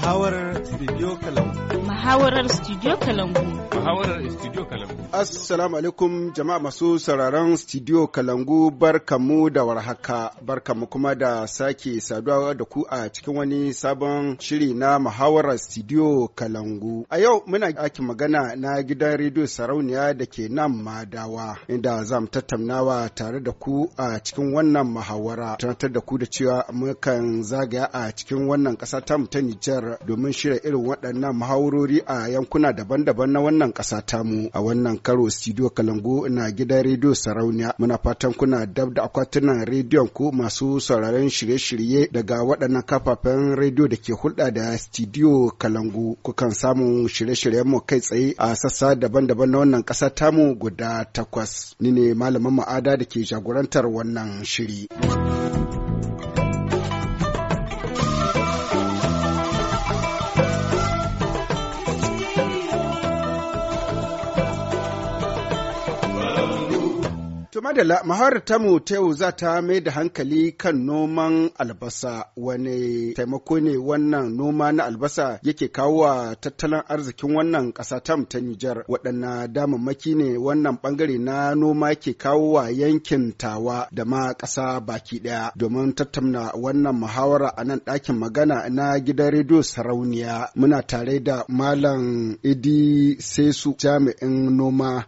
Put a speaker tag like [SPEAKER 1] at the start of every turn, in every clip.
[SPEAKER 1] Muhawarar Studio Kalangu.
[SPEAKER 2] Muhawarar Studio Kalangu.
[SPEAKER 3] Muhawarar Studio Kalambu.
[SPEAKER 4] Assalamu alaikum jama'a masu sauraron Studio Kalangu barkamu da warhaka barkamu kuma da sake saduwa da ku a cikin wani sabon shiri na Muhawarar Studio Kalangu. A yau muna ake magana na gidan rediyo sarauniya da ke nan Madawa inda za mu tattaunawa tare da ku a cikin wannan muhawara. Tunatar da ku da cewa mukan zagaya a cikin wannan ƙasa mu ta Nijar domin shirya irin waɗannan muhawarori a yankuna daban-daban na wannan ƙasa tamu. A wannan karo studio Kalangu na gidan rediyo Sarauniya muna fatan kuna dab da akwatunan rediyon ku masu sauraron shirye-shirye daga waɗannan kafafen rediyo da ke hulɗa da studio Kalangu. Kukan samun shirye-shiryen mu kai tsaye a sassa daban-daban na wannan ƙasa tamu guda takwas. Ni ne malamin ma'ada da ke jagorantar wannan shiri. To madala muhawarar ta yau za ta mai da hankali kan noman albasa wani taimako ne wannan noma na albasa yake kawo wa tattalin arzikin wannan ƙasa tam ta Nijar waɗanna damammaki ne wannan ɓangare na noma ke kawo wa yankin tawa da ma ƙasa baki ɗaya domin tattauna wannan muhawara a nan ɗakin magana na gidan rediyo sarauniya muna tare da malam Idi Sesu jami'in noma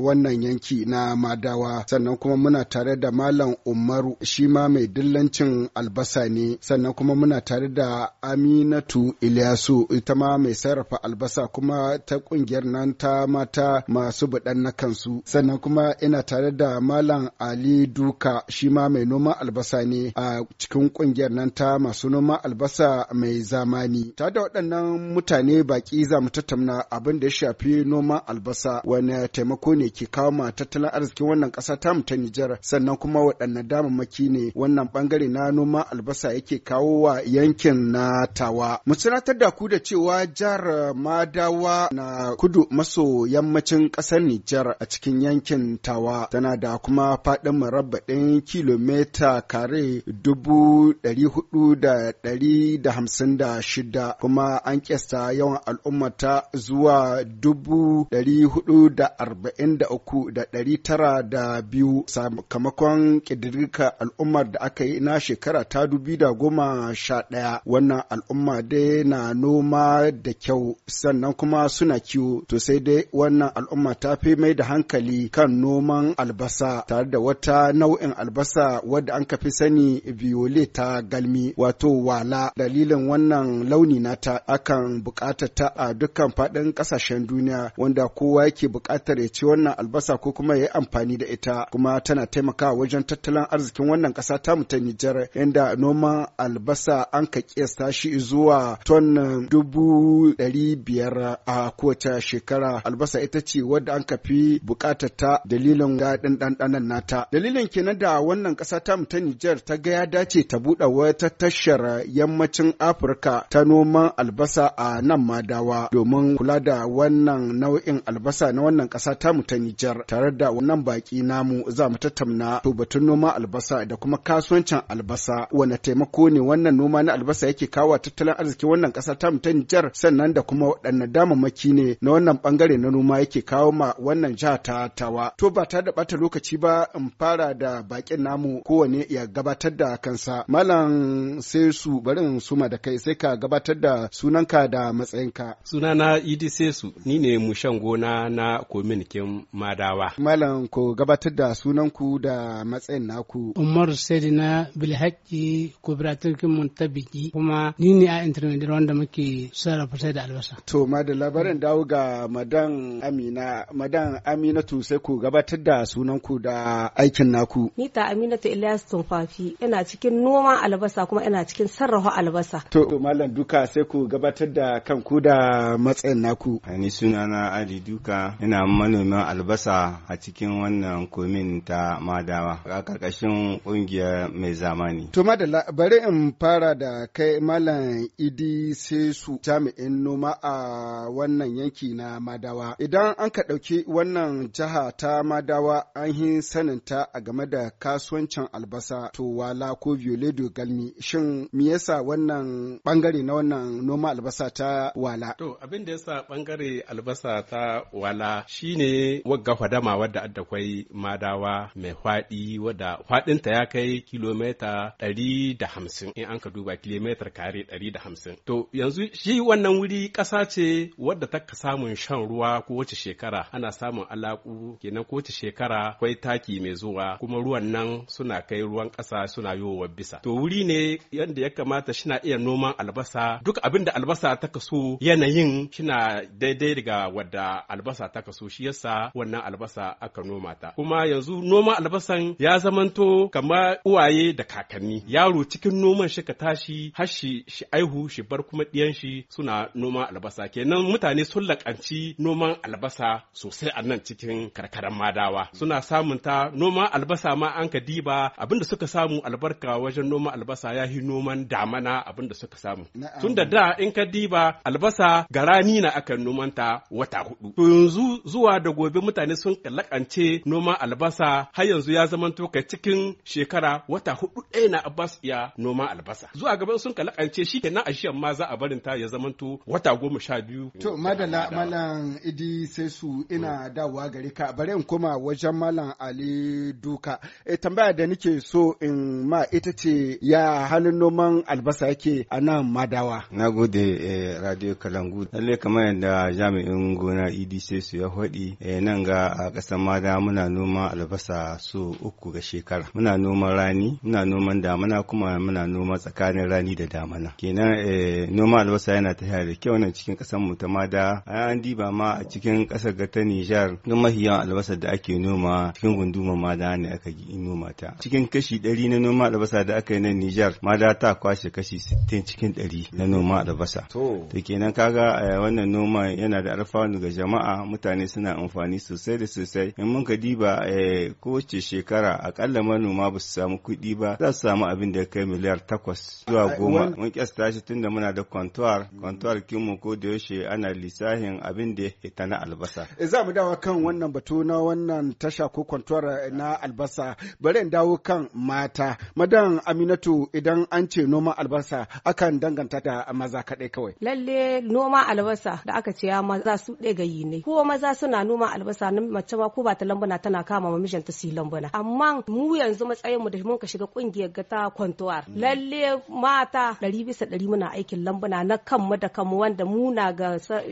[SPEAKER 4] wannan yanki na Madawa sannan kuma muna tare da malam umaru shi ma mai dillancin albasa ne sannan kuma muna tare da aminatu ilyasu ita ma mai sarrafa albasa kuma ta kungiyar nan ta mata masu buɗan na kansu sannan kuma ina tare da malam ali duka shi ma mai noman albasa ne a cikin kungiyar nan ta masu noman albasa mai zamani ta da waɗannan mutane baƙi za mu tattauna abin da ya shafi noman albasa wani taimako ne ke kawo ma tattalin arzikin wannan ƙasa ƙasa ta Nijar sannan kuma waɗanne damammaki ne wannan bangare na noman albasa yake kawo wa yankin na tawa. Mu da ku da cewa jihar Madawa na kudu maso yammacin ƙasar Nijar a cikin yankin tawa tana da kuma faɗin murabba'in kilomita kare dubu ɗari hudu da ɗari da hamsin da shida kuma an ƙyasta yawan al'ummata zuwa dubu ɗari hudu da arba'in da uku da ɗari tara da biyu sakamakon ƙididdiga al'ummar da aka yi na shekara ta dubi da goma sha ɗaya wannan al'umma dai na noma da kyau sannan kuma suna kiwo to sai dai wannan al'umma ta fi mai da hankali kan noman albasa tare da wata nau'in albasa wadda an fi sani biyole ta galmi wato wala dalilin wannan launi nata akan bukata ta a dukkan faɗin ƙasashen duniya wanda kowa yake bukatar ya ci wannan albasa ko kuma ya yi amfani da ita ta kuma tana taimakawa wajen tattalin arzikin wannan ƙasa mu ta Nijar inda noman albasa an ka kiyasta shi zuwa ton dubu ɗari biyar a kowace shekara albasa ita ce wadda an kafi bukata ta dalilin daɗin ɗanɗanon nata dalilin kenan da wannan ƙasa mu ta Nijar ta ga ya dace ta buɗe wata tashar yammacin Afirka ta noman albasa a nan madawa domin kula da wannan nau'in albasa na wannan ƙasa mu ta Nijar tare da wannan baƙi na namu za mu tattauna to batun noma albasa da kuma kasuwancin albasa wane taimako ne wannan noma na albasa yake kawo tattalin arziki wannan ƙasa ta ta Nijar sannan da kuma waɗanne damammaki ne na wannan bangare na noma yake kawo ma wannan jiha ta tawa. To ba ta da bata lokaci ba in fara da bakin namu kowane ya gabatar da kansa. Malam sai su bari suma da kai sai ka gabatar da sunanka da matsayinka.
[SPEAKER 3] Sunana Idi Sesu ni ne mushan gona
[SPEAKER 4] na kominikin Madawa. Malam ko gabatar gabatar da sunanku da matsayin naku.
[SPEAKER 5] Umaru na Bilhaki Kubiratin ta biki kuma ni ne a intermediate wanda muke sarrafa sai da albasa. To ma da labarin
[SPEAKER 4] dawo ga madan Amina madan Aminatu sai ku gabatar da sunanku da aikin
[SPEAKER 5] naku.
[SPEAKER 2] Ni ta Aminatu Ilyas Tumfafi ina cikin noman albasa kuma ina cikin sarrafa albasa.
[SPEAKER 4] To malam Duka sai ku gabatar da kanku da matsayin naku. ani sunana Ali
[SPEAKER 1] Duka ina manomin albasa a cikin wannan komin ta madawa a karkashin kungiyar mai zamani.
[SPEAKER 4] To madalla bari in fara da kai malam idi sai su jami'in noma a wannan yanki na madawa. Idan an ka ɗauki wannan jiha ta madawa an yi saninta a game da kasuwancin albasa to wala ko violedo galmi shin me yasa wannan bangare na wannan noma albasa ta wala? To
[SPEAKER 3] abin da yasa bangare albasa ta wala shine wagga fadama wadda adda kwai ma madawa mai faɗi wadda faɗinta ya kai kilomita ɗari da hamsin in an ka duba kilomita kare ɗari da hamsin. To yanzu shi wannan wuri ƙasa ce wadda ta ka samun shan ruwa ko wace shekara ana samun alaƙu kenan ko wace shekara kwai taki mai zuwa kuma ruwan nan suna kai ruwan ƙasa suna yowa bisa. To wuri ne yadda ya kamata shina iya noman albasa duk abin da albasa ta kaso yanayin shina daidai daga wadda albasa ta kaso shi yasa wannan albasa aka noma ta. Kuma yanzu noman albasan ya zamanto kama uwaye da kakanni yaro cikin noman shi ka tashi har shi shi aihu shi bar kuma ɗiyan shi suna noman albasa kenan mutane sun lakanci noman albasa sosai a nan cikin karkaran madawa suna samun ta noman albasa ma an ka diba abinda suka samu albarka wajen noman albasa ya yi noman damana abinda suka samu tun da da in ka diba albasa garani na akan nomanta wata hudu to yanzu zuwa da gobe mutane sun lakance noman albasa har yanzu ya zama to kai cikin shekara wata hudu ɗaya na Abbas ya noma albasa. Zuwa gaban sun kalakance shi kenan a ma za a barin ta ya zama wata goma sha biyu. To madala
[SPEAKER 4] malam Idi sai su ina hmm. dawowa gare ka bari in koma wajen malam Ali Duka. E, tambaya da nake so in ma ita ce ya halin noman albasa yake a nan madawa.
[SPEAKER 1] Na gode eh, Radio Kalangu. Lalle kamar yadda jami'in gona Idi sai su ya faɗi eh, nan ga a ƙasar madawa muna noma noman albasa su uku ga shekara muna noman rani muna noman damana kuma muna noman tsakanin rani da damana kenan eh, noman albasa yana ta da kyau nan cikin kasar mu ta mada an diba ma a cikin kasar ga ta Nijar duk mahiyan albasa da ake noma cikin gunduma mada ne aka yi noma ta cikin kashi ɗari na noma albasa da aka yi na Nijar mada ta kwashe kashi sittin cikin ɗari na noma albasa to kenan kaga eh, wannan noma yana da alfanu ga jama'a mutane suna amfani sosai da sosai in mun ka diba ko eh, kowace shekara akalla manoma ba su samu kuɗi ba za su samu abin da ya kai miliyar takwas zuwa goma mun kyasta shi tunda muna da kwantuwar kwantuwar kinmu ko da yaushe ana lissahin abin da ya ta na albasa
[SPEAKER 4] eh, za mu dawo kan wannan batu na wannan tasha ko kwantuwar eh, na albasa bari in dawo kan mata madan aminatu idan an ce noma albasa akan danganta da maza kaɗai kawai
[SPEAKER 2] lalle noma albasa da aka ce ya maza su ɗaya gayi ne ko maza suna noma albasa mace ma ko ba ta lambuna tana kama ma ta silon lambuna amma mu yanzu matsayin mu da mun ka shiga kungiyar gata kwantuwar mm. lalle mata ɗari bisa ɗari muna aikin lambuna na kanmu da kanmu wanda muna ga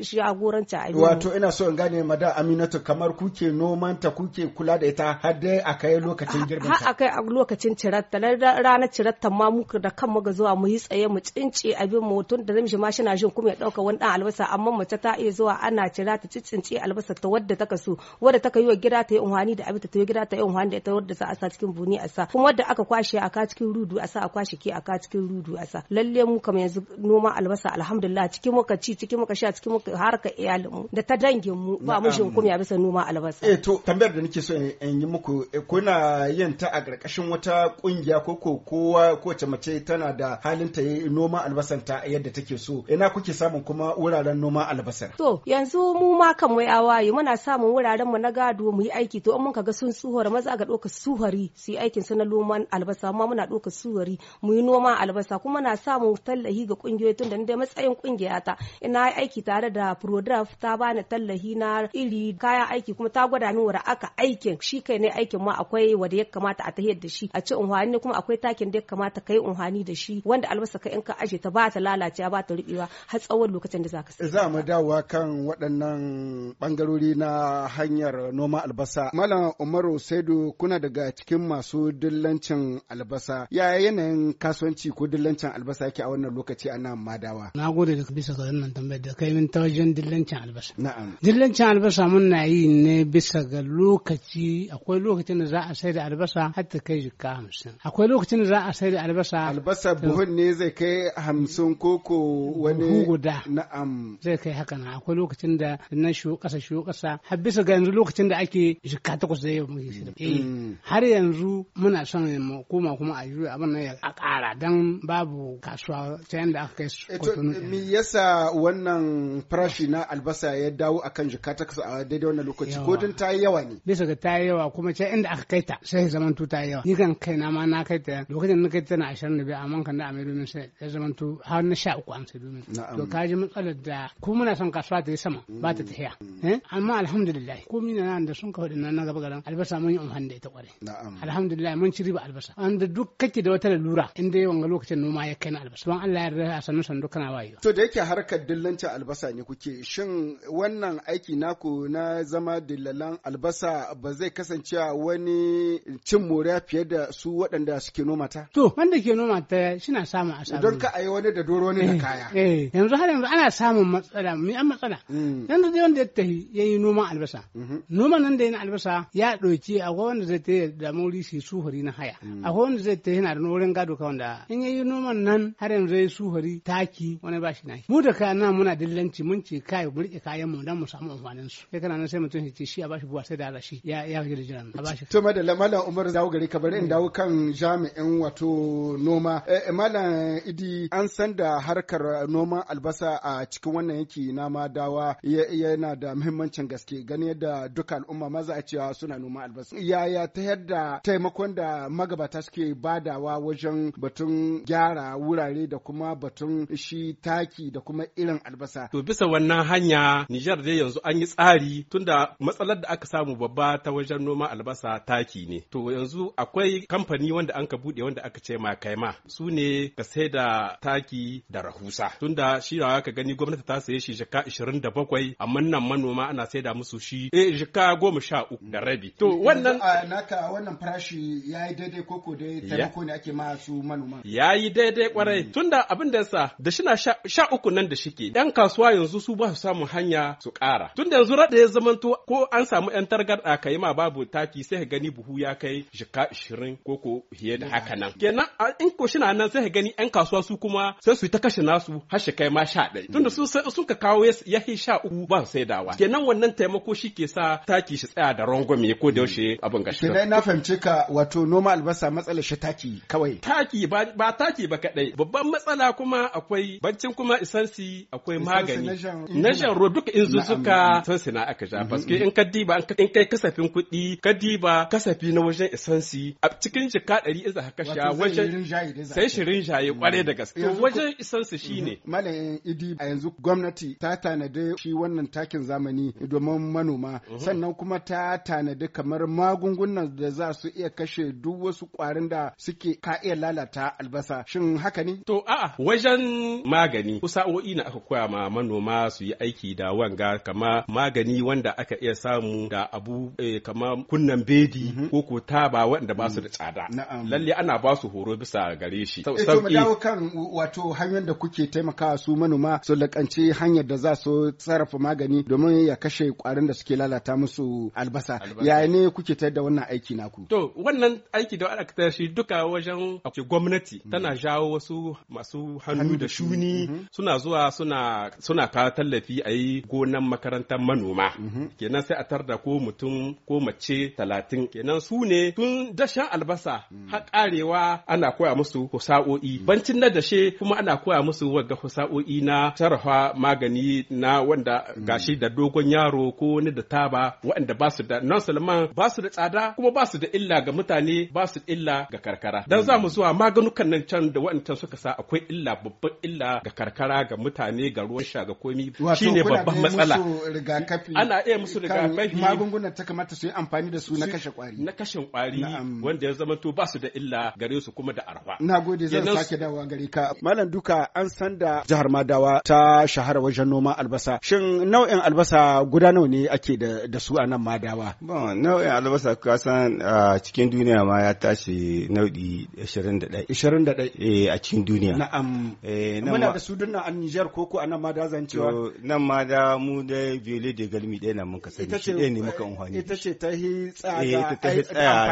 [SPEAKER 2] jagorancin abin wato
[SPEAKER 4] ina so in gane mada aminatu kamar kuke noman ta kuke kula da ita har dai a kai lokacin girbin ta
[SPEAKER 2] har a kai a lokacin cirarta ranar cirarta ma muka da kanmu ga zuwa mu yi tsaye mu cince abin mu tun da zamshi ma shina jin kuma ya dauka wani dan albasa amma mace ta iya zuwa ana cira ta cicince albasa ta wadda ta kasu wadda ta yi wa gida ta yi unhani da abi ta gida ta yin wanda ta wadda za a sa cikin buni a sa kuma wadda aka kwashe a ka cikin rudu a sa a kwashe ke a ka cikin rudu a sa lalle mu kamar yanzu noma albasa alhamdulillah cikin muka ci cikin muka sha cikin muka harka iyalin mu da ta dangin mu ba mu shin kuma bisa noma albasa
[SPEAKER 4] eh to tambayar da nake so in yi muku eh, kuna yin ta a karkashin wata kungiya ko ko kowa ko mace tana da halin ta noma albasan ta yadda take so ina kuke samun kuma wuraren noma albasa
[SPEAKER 2] to yanzu mu ma kan wai awaye muna samun wuraren mu na gado mu yi aiki to in mun Ka ga sun tsuhar maza ga ɗaukar suhari su yi aikin su na noman albasa amma muna ɗaukar suhari mu yi noma albasa kuma na samun tallahi ga ƙungiyoyi tun da ni dai matsayin ƙungiya ta ina aiki tare da Prodraf ta bani tallahi na iri kayan aiki kuma ta gwada min wada aka aikin shi kai ne aikin ma akwai wanda ya kamata a tahiyar da shi a ci unhwani ne kuma akwai takin da ya kamata ka yi unhwani da shi wanda albasa ka in ka aje ta ba ta lalace ba ta rubewa har tsawon lokacin da za ka
[SPEAKER 4] za mu dawowa kan waɗannan bangarori na hanyar noma albasa malam Umaru Saidu kuna daga cikin masu dillancin albasa. Ya yanayin kasuwanci ko dillancin albasa yake a wannan lokaci a nan Madawa?
[SPEAKER 5] Na gode da bisa ga wannan tambayar da kai min ta wajen dillancin albasa. Na'am. Dillancin albasa mun na yi ne bisa ga lokaci akwai lokacin da za a sayar da albasa har ta kai jikka hamsin. Akwai lokacin da za a sayar da albasa. Albasa buhun ne zai kai hamsin koko wani. guda. Na'am. Zai kai haka na akwai lokacin da na shi ƙasa shi ƙasa har bisa ga yanzu lokacin da ake jikka takwas Lagos da yau muke shirya. har yanzu muna son mu koma kuma a yi abin nan ya ƙara don babu kasuwa ta yadda aka kai su. Eh, me
[SPEAKER 4] yasa wannan farashi na albasa ya dawo akan jika ta takwas a daidai wannan lokaci ko don
[SPEAKER 5] ta yi yawa ne? Bisa ga ta yi yawa kuma ta inda aka kai ta sai zaman tu ta yi yawa. Ni kan kai na ma na kai ta lokacin na kai ta na ashirin da biyu amma kan da a mai domin sai ya zaman tu har na sha uku an sai domin. To ka ji matsalar da kuma muna son kasuwa ta yi sama ba ta mm. tafiya. Eh? Amma alhamdulillah ko mina na da sun kawo faɗi na gaba bangaren albasa mun yi amfani da ita kwarai alhamdulillah mun ci riba albasa wanda duk kake da wata lura in dai wanga lokacin noma ya kai na albasa don Allah ya yarda a sannu sannu kana wayo
[SPEAKER 4] to da yake harkar dillancin albasa ne kuke shin wannan aiki naku na zama dillalan albasa ba zai kasance wani cin moriya fiye da su
[SPEAKER 5] waɗanda suke noma ta to wanda ke noma ta shina samun asara don ka
[SPEAKER 4] ayi wani da doro ne da eh, kaya
[SPEAKER 5] eh yanzu har yanzu ana samun matsala mu an matsala mm. yanzu dai wanda ya tafi yi noman albasa mm-hmm. noman nan da yana albasa ya ɗauki a wanda zai ta da mauri shi suhari na haya mm. a wanda zai ta yana da wurin gado ka wanda in yi noman nan har yanzu zai suhari taki wani ba shi na mu da kayan nan muna dillanci mun ce kai mu rike kayan mu dan mu samu amfanin su kai kana nan sai mutum ce shi a bashi buwa sai da rashi ya ya da jiran a bashi to madalla malam Umar dawo gari ka bari in mm. dawo kan
[SPEAKER 4] jami'in wato noma eh, eh, malam Idi an san da harkar noman albasa a cikin wannan yanki na ma dawa yana da muhimmancin gaske gani yadda duka al'umma maza a cewa suna noma albasa yaya ta yadda taimakon da magabata suke badawa wajen batun gyara wurare da kuma batun shi taki da kuma irin albasa
[SPEAKER 3] to bisa wannan hanya Nijar dai yanzu an yi tsari tunda matsalar da aka samu babba ta wajen noma albasa taki ne to yanzu akwai kamfani wanda an ka bude wanda aka ce ma kaima su ne ka sai da taki da rahusa tunda shi rawa ka gani gwamnati ta saye shi jaka 27 amma nan manoma ana sai da musu shi eh jaka 13 da rabi to
[SPEAKER 4] wannan naka wannan farashi yayi daidai koko dai taimako ne ake ma su manoma
[SPEAKER 3] yayi daidai kwarai hmm. tunda abin da yasa da shi na sha uku nan da shike yan kasuwa yanzu su ba su samu hanya su kara. tunda yanzu rada ya zamanto ko an samu yan targaɗa ka yi ma babu taki sai ka gani buhu ya kai jika ishirin koko fiye da haka nan kenan in ko shi na nan sai ka gani yan kasuwa su kuma sai su ta kashe nasu har shi kai ma sha ɗaya hmm. tunda su sun ka kawo ya sha uku ba su saidawa kenan wannan taimako shi ke sa taki shi tsaya da rangon Me yi ko da yaushe abin gashi Sai
[SPEAKER 4] na fahimci ka wato noma albasa matsalar
[SPEAKER 3] shi taki kawai taki ba taki ba kadai babban matsala kuma akwai bancin kuma isansi akwai magani na shan ruwa duka in suka isansi na aka sha mhm. paske in ka diba in kai kasafin kuɗi ka diba kasafi na wajen isansi a cikin jika ɗari in za ka sha wajen
[SPEAKER 4] sai shirin jaye kware da gaske wajen
[SPEAKER 3] isansi ne. Mhm.
[SPEAKER 4] Malayin idi a yanzu gwamnati ta tanade shi wannan takin zamani domin manoma mhm. sannan kuma ta tanade tanadi kamar magungunan da za su iya kashe duk wasu ƙwarin da suke ka iya lalata albasa shin haka ne to a'a
[SPEAKER 3] wajen magani sa'o'i na aka koya ma manoma su yi aiki da wanga kama magani wanda aka iya samu da abu eh, kama kunnan bedi mm -hmm. ko ko taba wanda ba su da mm. tsada lalle ana ba su horo bisa gare shi mu dawo
[SPEAKER 4] kan wato hanyar da kuke taimakawa su manoma su lakanci hanyar da za su sarrafa magani domin ya kashe kwarin da suke lalata musu albasa ba ya ne kuke tayar da wannan aiki naku
[SPEAKER 3] to wannan aiki da aka tayar shi duka wajen gwamnati hmm. tana jawo wasu masu hannu da shuni hmm. suna zuwa suna suna kawo tallafi a yi gonan makarantar manoma hmm. kenan sai a tar da ko mutum ko mace talatin kenan su ne tun dashen albasa har karewa ana koya musu husa'o'i bancin na dashe kuma ana koya musu wagga husa'o'i na sarrafa magani na wanda gashi da dogon yaro ko wani da taba waɗanda ba su da nan musulman ba su da tsada kuma ba su da illa ga mutane ba su illa ga karkara dan za mu zuwa maganukan nan can da wa'antan suka sa akwai illa babban illa ga karkara ga mutane ga ruwan sha ga komi shine babban matsala
[SPEAKER 4] ana iya musu rigakafi magungunan ta kamata su yi amfani da su na kashe kwari na kashe
[SPEAKER 3] kwari wanda ya zama to ba su da illa
[SPEAKER 4] gare su kuma da arfa na gode zan sake dawa gare ka malam duka an san da jihar madawa ta shahara wajen noman albasa shin nau'in albasa guda nawa ne ake da su a nan madawa
[SPEAKER 1] nau'in albasa kasan a cikin duniya ma ya tashi nau'i 21 21 eh, a cikin duniya na'am eh, muna da
[SPEAKER 4] su na a Niger koko a nan ma da zancewa nan ma da mu da
[SPEAKER 1] Violet de Galmi ɗaya na mun kasance ita ce ne muka unhwani ita
[SPEAKER 4] ce ta hi tsaya eh, ta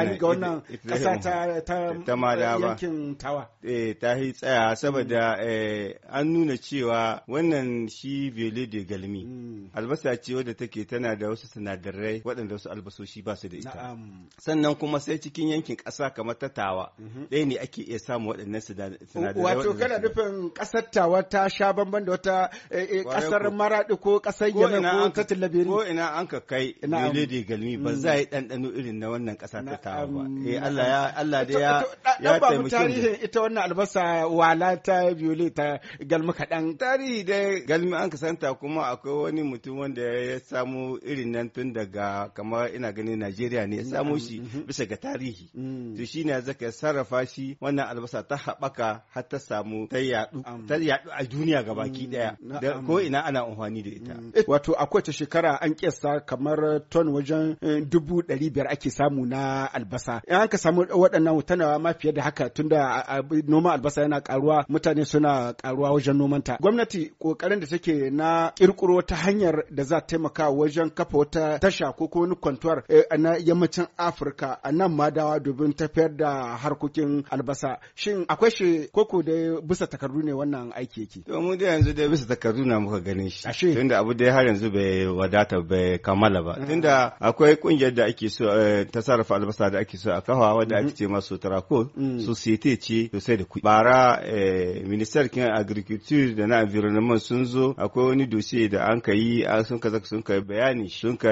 [SPEAKER 4] hi ga wannan kasa ta ta yankin tawa
[SPEAKER 1] eh ta hi tsaya saboda mm. an nuna cewa wannan shi Violet de Galmi mm. albasa ce wadda take tana da wasu sinadarai waɗanda wasu albasa shi ba su da ita sannan kuma sai cikin yankin ƙasa kamar ta tawa mhm. ɗaya ne ake iya samu waɗannan sinadarai wato kana
[SPEAKER 4] nufin ƙasar tawa ta sha bamban da wata eh, eh, ƙasar maraɗi ko ƙasar yamin ko ta tilabiri ko
[SPEAKER 1] ina an ka kai da galmi ba mm. za a yi ɗanɗano irin na wannan ƙasa ta
[SPEAKER 4] tawa ba eh Allah ya Allah da ya ya taimake tarihin ita wannan albasa wala ta biyu ta galmi kaɗan tarihi
[SPEAKER 1] da galmi an ka santa kuma akwai wani mutum wanda ya samu irin nan tun daga kamar ina yana ganin Najeriya ne ya samo shi mm-hmm. bisa ga tarihi. Mm. To shi ne zaka sarrafa shi wannan albasa ta haɓaka har ta samu ta yaɗu a duniya baki mm. ɗaya. Ko ina ana amfani da ita. Mm.
[SPEAKER 4] Eh, Wato a kowace shekara an kesa kamar ton wajen eh, dubu ɗari biyar ake samu na albasa. In an ka samu waɗannan tana ma fiye da haka tunda noman albasa yana karuwa mutane suna karuwa wajen nomanta. Gwamnati kokarin da take na kirkiro ta hanyar da za ta taimaka wajen kafa wata tasha ko wani kwanto Equator eh, na yammacin Afirka a nan madawa domin tafiyar da harkokin albasa. Shin akwai shi koko da bisa takardu ne wannan aiki yake?
[SPEAKER 1] To mu da yanzu dai bisa takardu na muka ganin shi. Tunda abu dai har yanzu bai wadata bai kammala ba. Ah. Tunda akwai kungiyar da ake so eh, ta sarrafa albasa da ake so a kawa wanda ake mm-hmm. ce masu Tarako. Mm. site ce sosai da kuɗi. Bara eh, minister kin agriculture da na environment sun zo akwai wani dosiye da an ka yi sun ka sun ka bayani sun ka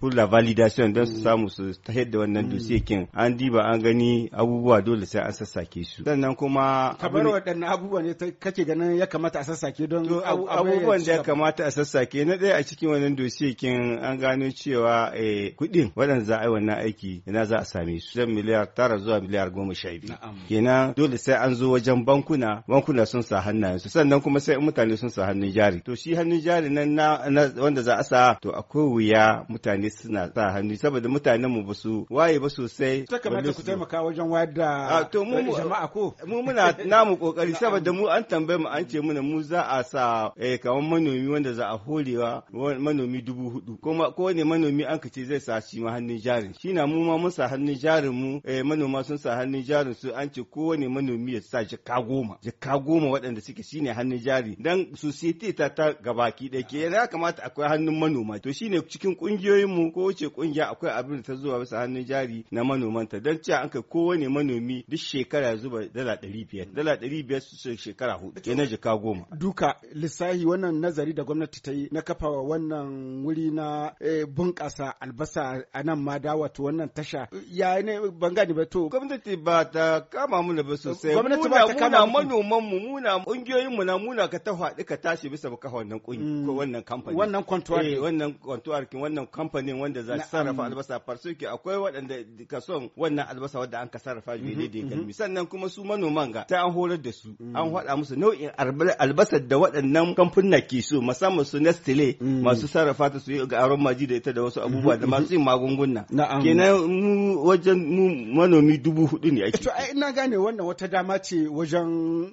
[SPEAKER 1] pour validation communication don su mm. samu su ta yadda wannan mm. dosiyekin an diba an gani abubuwa dole sai an sassake su sannan kuma kamar
[SPEAKER 4] waɗannan abubuwa ne kake ganin ya kamata a sassake don abubuwan da ya
[SPEAKER 1] kamata a sassake na ɗaya a cikin wannan dosiyekin an gano cewa eh, kuɗin waɗanda za a yi wannan aiki ina za a same su zan miliyar tara zuwa miliyar goma sha biyu kenan dole sai an zo wajen bankuna bankuna sun sa hannayen su sannan kuma sai mutane sun sa hannun jari to shi hannun jari nan na wanda za a sa to akwai wuya mutane suna sa hannun wasanni saboda mutanen mu basu waye ba sosai ta kamata ku taimaka
[SPEAKER 4] wajen wayar da jama'a ko
[SPEAKER 1] mu muna namu kokari saboda mu an tambaye mu an ce muna mu za a sa eh kamar manomi wanda za a horewa manomi dubu hudu kuma ko ne manomi an ka ce zai sa shi ma hannun jarin shi na mu ma mun sa hannun jarin mu eh manoma sun sa hannun jarin su an ce kowane manomi ya sa jaka goma jaka goma waɗanda suke shine hannun jari dan society ta ta gabaki ɗaya ke ya kamata akwai hannun manoma to shine cikin kungiyoyin mu ko ce kungiyoyi kungiya akwai abin da ta zuwa bisa hannun jari na manomanta don cewa an kai kowane manomi duk shekara zuba dala ɗari biyar dala ɗari biyar su shekara hudu ke na jika goma.
[SPEAKER 4] duka lissahi wannan nazari da gwamnati ta yi na kafa wannan wuri na eh, bunƙasa albasa a nan ma da wato wannan tasha ya ne ban gani ba to. gwamnati ba ta kama mu ba sosai. muna ba ta kama manoman
[SPEAKER 1] mu muna ƙungiyoyin mu na muna ka ta haɗu ka tashi bisa ba kafa wannan ƙungiyoyi mm. ko wannan kamfani. wannan kwantuwar. Eh, wannan kwantuwar wannan kamfanin wanda za su sarrafa mm. albasa farsuki akwai waɗanda ka son wannan albasa wadda an ka sarrafa mm-hmm, daidai da kalmi mm-hmm. sannan kuma su manoman ga ta an horar da su mm. an haɗa musu nau'in albasar da waɗannan kamfuna ke so musamman su Nestle mm. masu sarrafa ta su yi ga aron maji da ita da wasu mm-hmm, abubuwa da masu yin magunguna kenan mu wajen mu manomi dubu hudu ne ake to
[SPEAKER 4] ai ina gane wannan wata dama ce wajen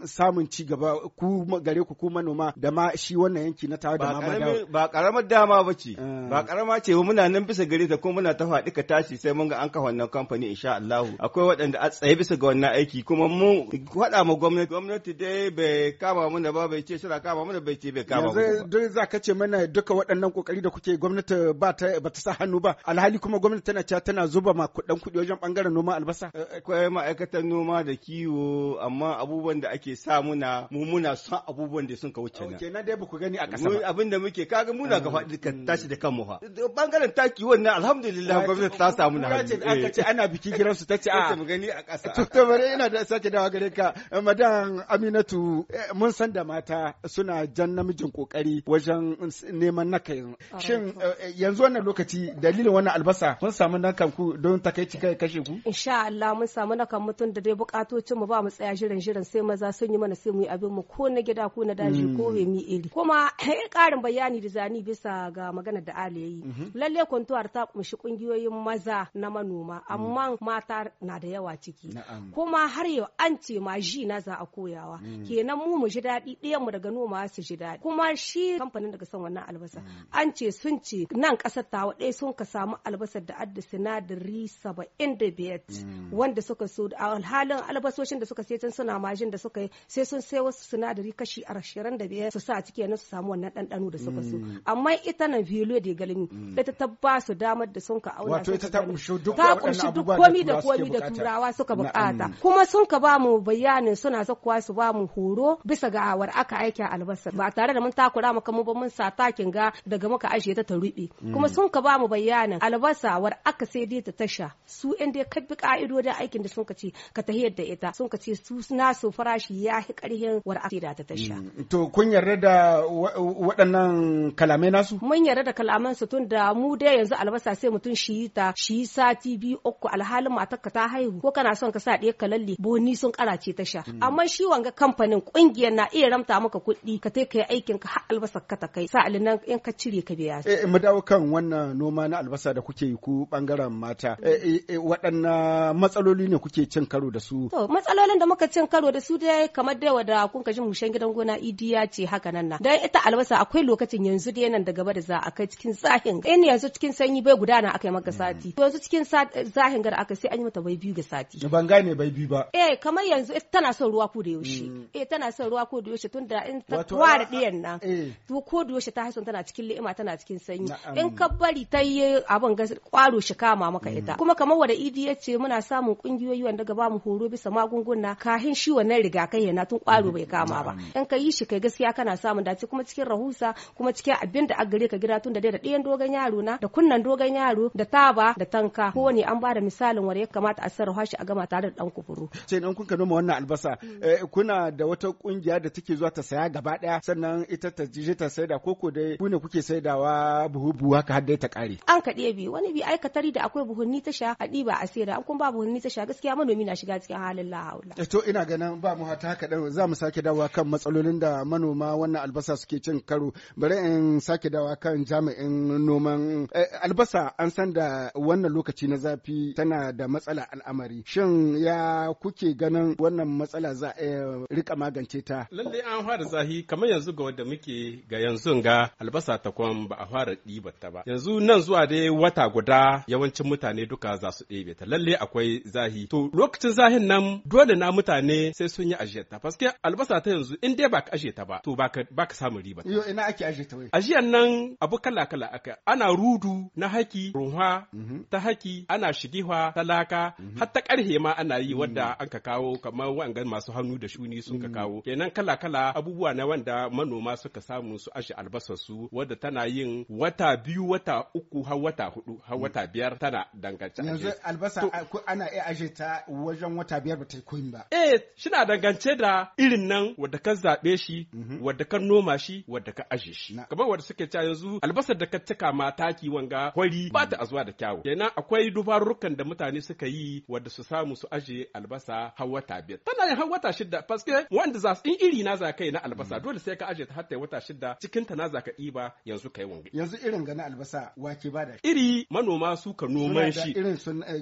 [SPEAKER 4] samun ci gaba ku gare ku ku manoma da ma shi wannan yanki na tawa da ma
[SPEAKER 1] ba karamar dama bace ba karama ce ah. muna nan bisa gare ta ko muna ta faɗi ka tashi sai mun ga an ka wannan kamfani insha Allah akwai waɗanda a tsaye bisa ga wannan aiki kuma mu faɗa ma gwamnati gwamnati dai bai kama mana ba bai ce shira kama mana bai ce bai kama mana yanzu
[SPEAKER 4] duk za ka ce mana duka waɗannan kokari da kuke gwamnati ba ta ba ta sa hannu ba alhali kuma gwamnati tana cewa tana zuba ma kuɗin kuɗi wajen bangaren noma albasa eh, akwai ma'aikatan noma
[SPEAKER 1] da kiwo amma abubuwan da ake sa muna mu muna son abubuwan da sun ka wuce na kenan dai ba ku gani a ƙasa ba abin da muke kaga muna ah, ga faɗi ka mm. tashi da kanmu fa bangaren taki wannan alhamdulillah gwamnati
[SPEAKER 4] ta samu na hannu aka ce eh. ana biki kiran su tace a ah. mu
[SPEAKER 1] gani a ƙasa to
[SPEAKER 4] to bare ina da sake dawa gare ka eh, madan Aminatu eh, mun san da mata suna jan namijin kokari wajen neman naka shin yanzu wannan lokaci dalilin wannan albasa mun samu nakan ku don takaici kai kashe ku
[SPEAKER 2] insha Allah mun samu nakan mutun da dai bukatocin mu ba mu tsaya jiran jiran sai maza sun yi mana sai mu yi abin mu ko na gida ko na daji ko mm. mi iri kuma ƙarin bayani da zani bisa ga magana da Ali yayi mm-hmm. lalle kwantuwar ta shi kungiyoyin maza na manoma mm. amma mata na da yawa ciki kuma har yau an ce ma ji na za a koyawa mm. kenan mu mu ji daɗi ɗayan mu daga noma su ji daɗi kuma shi kamfanin daga san wannan albasa mm. an ce sun ce nan ƙasar tawa ɗaya sun ka samu albasar da adda sinadari saba'in da biyar wanda suka so a halin albasoshin da suka sai suna majin da suka yi sai sun sai wasu sinadari kashi ashirin da biyar su sa ciki su samu wannan ɗanɗano da suka so amma ita na velo da galmi ita ta ba dama damar da sun ka auna wato ita ta duk ta kunshi duk komi da komi da turawa suka bukata kuma sun ka ba mu bayanin suna zakuwa su ba mu horo bisa ga war aka a albasa ba tare da mun takura maka mu ba mun sa takin ga daga muka ashe ta ta rube kuma mm. sun ka ba mu bayanin albasa war aka sai dai ta tasha su in dai ka bi ka'idodin aikin da sun ka ce ka tahiyar da ita sun ka ce su nasu farashi ya fi karhin war aka da ta tasha
[SPEAKER 4] mm. to kun yarda da
[SPEAKER 2] waɗannan kalamai nasu mun yarda da kalaman su tun da mu dai yanzu albasa sai mutum shi yi ta shi yi sati biyu uku alhalin matarka ta haihu ko kana son ka sa ɗaya ka lalle ni sun karace ta sha mm. amma shi wanga kamfanin kungiyar na iya ramta maka kuɗi ka tai kai aikin ka har albasa ka ta kai sa nan in ka cire ka biya eh
[SPEAKER 4] mu dawo kan wannan noma na albasa da kuke yi ku bangaren mata mm. eh, eh, eh, waɗanna matsaloli ne kuke cin karo da su
[SPEAKER 2] to matsalolin da muka cin karo da su dai kamar dai wada kun ka ji mushen gidan gona idiya ce haka nan na dan ita albasa akwai lokacin yanzu dai nan da gaba da za a kai cikin tsahin in yanzu cikin sanyi bai guda na aka yi maka mm. sati yanzu cikin eh, zahin gar aka sai an yi mata bai biyu ga sati ban
[SPEAKER 4] gane bai biyu ba
[SPEAKER 2] eh kamar yanzu tana son ruwa ko da yaushe eh tana son ruwa ko da yaushe mm. eh, da in ta kwara ɗiyan nan eh. to ko da yaushe ta haison tana cikin li'ima tana cikin sanyi in ka bari ta yi abin ga kwaro shi kama maka mm. ita kuma kamar wanda idi ya ce muna samun kungiyoyi wanda ga bamu horo bisa magunguna kahin shi wannan rigakai na tun kwaro bai kama ba in ka yi shi kai gaskiya kana samun dace kuma cikin rahusa kuma cikin abin da a gare ka gida tun da dai da ɗiyan dogon yaro na da kunnan dogon gidan yaro da taba da tanka ko kowane an ba da misalin wani ya kamata a sarrafa shi a gama tare da dan kufuru
[SPEAKER 4] sai dan kun noma wannan albasa mm. eh, kuna da wata kungiya da take zuwa ta saya gaba daya sannan ita ta je ta saida koko dai ku ne kuke saidawa buhu buhu haka har ta kare
[SPEAKER 2] an ka bi wani bi aikatari da akwai buhunni ta sha a ɗiba a saida an kun ba buhunni ta sha gaskiya manomi na shiga cikin halin lahaula
[SPEAKER 4] eh, to ina ganin ba mu hata haka dan za mu sake dawowa kan matsalolin da manoma wannan albasa suke cin karo bari in sake dawowa kan jami'in noman eh, albasa an san da wannan lokaci na zafi tana da matsala al'amari. Shin ya kuke ganin wannan matsala za a rika magance ta?
[SPEAKER 3] Lalle an fara zafi kamar yanzu ga wanda muke ga yanzu ga albasa ta kwan ba a fara ɗibar ta ba. Yanzu nan zuwa dai wata guda yawancin mutane duka za su ɗebe ta. Lalle akwai zafi To lokacin zahin nan dole na mutane sai sun yi ajiyar ta. Paske albasa ta yanzu in dai ba ka ajiye ta ba to ba ka samun riba.
[SPEAKER 4] Yo ina ake ajiye ta wai.
[SPEAKER 3] Ajiyar nan abu kala kala aka ana rudu na haƙi haki ruha mhm. ta haki ana shigihwa talaka mhm. har ta karhe ma ana yi mhm. wadda an ka kawo kamar wanga masu hannu da shuni sun ka kawo kenan kala kala abubuwa na wanda manoma suka samu su ashi albasar su wadda tana yin wata biyu wata uku har wata hudu har wata biyar tana dangance yanzu
[SPEAKER 4] albasa ana iya aje ta wajen wata biyar ba ta koyin ba
[SPEAKER 3] eh shina dangance da irin nan wadda ka zabe shi wadda ka noma shi wadda ka aje shi kamar wadda suke cewa yanzu albasar da ka cika ma taki wanga hori ba ta azuwa da kyawu kenan akwai dubarrukan da mutane suka yi wadda su samu su aje albasa har wata biyar tana yin har wata shida paske wanda za in iri na za kai na albasa mm. dole sai ka aje ta har ta wata shida cikin ta na za ka ba yanzu kai wange
[SPEAKER 4] yanzu irin ga na albasa wake ba da
[SPEAKER 3] iri manoma su
[SPEAKER 4] ka noman shi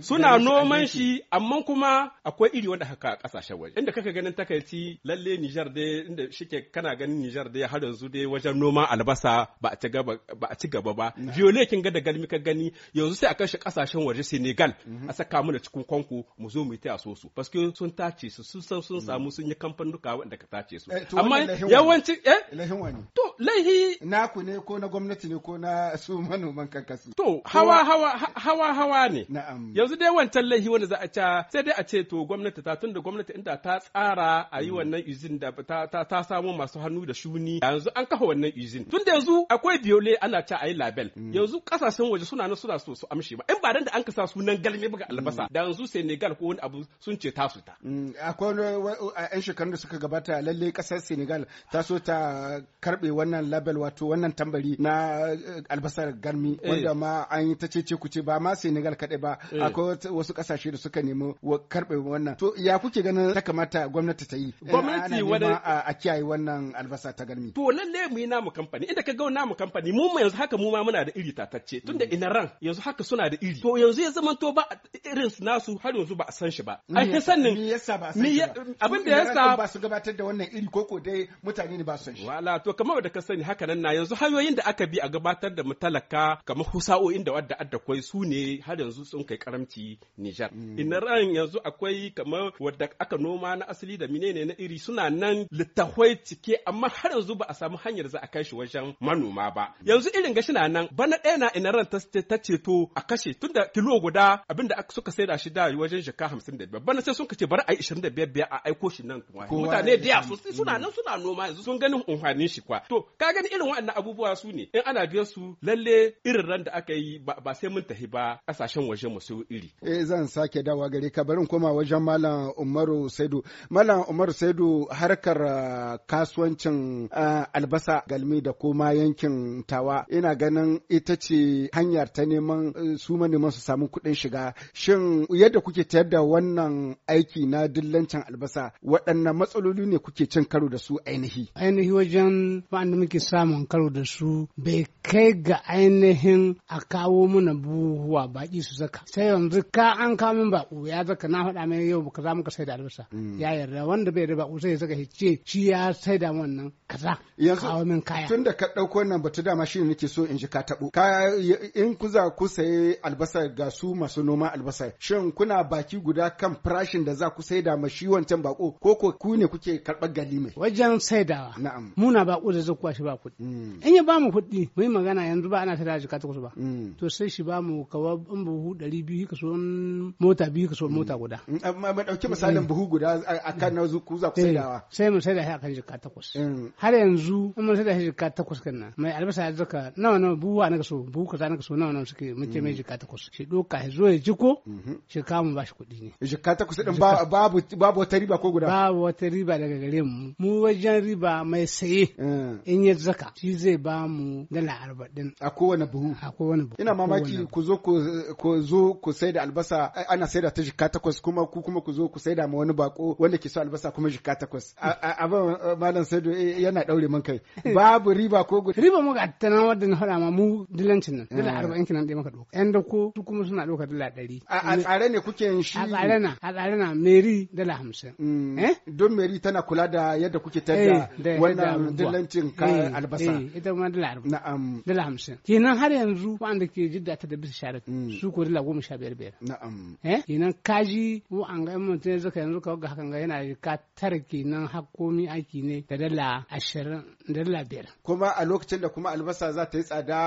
[SPEAKER 4] suna noman eh, shi
[SPEAKER 3] amma kuma akwai iri wanda haka kasashen waje inda kaka ganin takaici lalle Nijar dai inda shike kana ganin Nijar dai har yanzu dai wajen noman albasa ba a ci gaba ba a ci gaba ba violet kin ga da galmi ka gani yanzu sai a kashe kasashen waje Senegal mhm. a saka mu da cikin kwanko mu zo mu yi taya so su paske sun tace su sun san sun samu mhm. sun yi kamfanuka wanda ka tace su eh, amma yawanci
[SPEAKER 4] eh lahin wani to laihi naku ne ko na gwamnati ne ko na su manoman kankasu to hawa hawa
[SPEAKER 3] hawa hawa ne na'am yanzu dai wancan laihi wanda za a ca sai dai a ce to gwamnati ta tunda gwamnati inda ta tsara a yi mhm. wannan izin da ta ta samu masu hannu da shuni yanzu an kafa wannan izin tunda yanzu akwai biyole ana ca a yi label yanzu kasashen waje suna nan suna so su amshe ba in ba dan da an kasa sunan galme ba ga albasa da yanzu Senegal ko wani abu sun ce tasu ta
[SPEAKER 4] mm, akwai yan shekarun da suka gabata lalle kasar Senegal ta so ta karbe wannan label wato wannan tambari na eh, albasar garmi eh. wanda ma an yi ta cece ce ba ma Senegal kadai ba eh. akwai wasu kasashe da suka nemi karbe wannan to ya kuke ganin ta kamata gwamnati ta yi gwamnati wanda a kiyaye wannan albasa ta garmi
[SPEAKER 3] to lalle mu yi namu kamfani inda ka ga namu kamfani mu yanzu haka mu ma muna da iri tatacce tunda mm. generan yanzu haka suna da iri to yanzu ya zama to ba irin nasu har yanzu ba a san shi ba ai ta sanin me yasa ba san shi abin da yasa ba
[SPEAKER 4] su gabatar da wannan iri koko dai mutane ne ba su san shi wala to kamar da ka sani
[SPEAKER 3] haka nan na yanzu hanyoyin da aka bi a gabatar da mutalaka kamar husa'o'in da wadda adda kwai su ne har yanzu sun kai karamci Nijar hmm. inaran yanzu akwai kamar wadda aka noma na asali da menene na iri suna nan littafai cike amma har yanzu ba a samu hanyar za a kai shi wajen manoma ba yanzu irin gashi na nan bana ɗaya na inaran ta ta ceto a kashe da kilo guda abinda suka saida shi da wajen shekara hamsin da biyar bana sai sun kace bari a yi ishirin da biyar biyar a aiko shi nan mutane da sosai suna nan suna noma yanzu sun ganin unhwanin shi kwa to ka gani irin waɗannan abubuwa su ne in ana biyan su lalle irin ran da aka yi ba sai mun tafi ba kasashen waje mu su iri
[SPEAKER 4] eh zan sake dawa gare ka barin koma wajen malam Umaru Saidu malam Umaru Saidu harkar ah, kasuwancin ah, albasa galmi da kuma yankin tawa ina ganin ita ce hanya hanyar ta neman eh, su neman su samu kuɗin shiga shin yadda kuke tayar da wannan aiki na dillancin albasa waɗannan matsaloli ne kuke cin karo da su ainihi
[SPEAKER 5] ainihi wajen wanda muke samun karo da su bai kai ga ainihin a kawo mana buhuwa baki su zaka sai yanzu ka an min baƙo ya zaka na faɗa mai yau ka za muka sai da albasa mm. ya yarda wanda bai da baƙo sai zaka ce shi ya saida da wannan kaza kawo min kaya tunda
[SPEAKER 4] ka ɗauko wannan batu dama shi ne nake so in ji ka taɓo ka in in kuza ku saye albasar ga su masu noma albasar shin kuna baki guda kan farashin da za ku sai da mashi wancan
[SPEAKER 5] bako ko ko ku ne kuke karɓar galime wajen da na'am muna bako da zai kwashi ba kuɗi mm. in ya bamu kuɗi mu magana yanzu ba ana tada jika takwas ba mm. to sai shi bamu kawa in buhu ɗari biyu kaso mota biyu kaso mota mm. guda
[SPEAKER 4] amma ba ɗauki misalin buhu guda a kan na ku za ku saidawa
[SPEAKER 5] sai mu saida shi a kan jika takwas har yanzu in mun da shi jika takwas kenan mai albasa ya zaka nawa nawa buhu a na kaso buhu kaza na kaso nawa nawa suke mace mai mm. jika takwas shi doka ya zo ya ko mm-hmm. shi kamu ba shi kuɗi ne jika takwas din babu babu wata riba ko guda babu wata riba daga gare mu mu wajen riba mai saye eh. in ya zaka shi zai ba mu dala arba'in a kowane buhu a kowane buhu ina mamaki
[SPEAKER 4] ku zo ku zo ku sai da albasa ana sai da ta jika takwas kuma ku kuma ku zo ku sai da ma wani bako wanda ke so albasa kuma jika takwas abin malam saido eh, yana daure min kai babu riba ko
[SPEAKER 5] guda riba mu ga tana wadda na fara ma mu dilancin nan dala eh. yankin nan ɗaya maka ɗauka yan ko. su kuma suna ɗauka dala ɗari a
[SPEAKER 4] tsare ne kuke
[SPEAKER 5] yin shi a tsare na a tsare na meri dala hamsin mm. eh?
[SPEAKER 4] don meri tana kula da yadda kuke tada eh, wannan dillancin ka eh, albasa
[SPEAKER 5] ita ma dala arba. na'am dala hamsin kenan har yanzu wa'anda ke jidda ta da bisa sharik mm. su ko dala goma sha biyar biyar na'am kenan kaji wa'anga yan mutum zaka yanzu ka ga hakan ga yana ka tara kenan hakomi aiki ne da dala ashirin dala biyar kuma a
[SPEAKER 4] lokacin da kuma albasa za ta yi tsada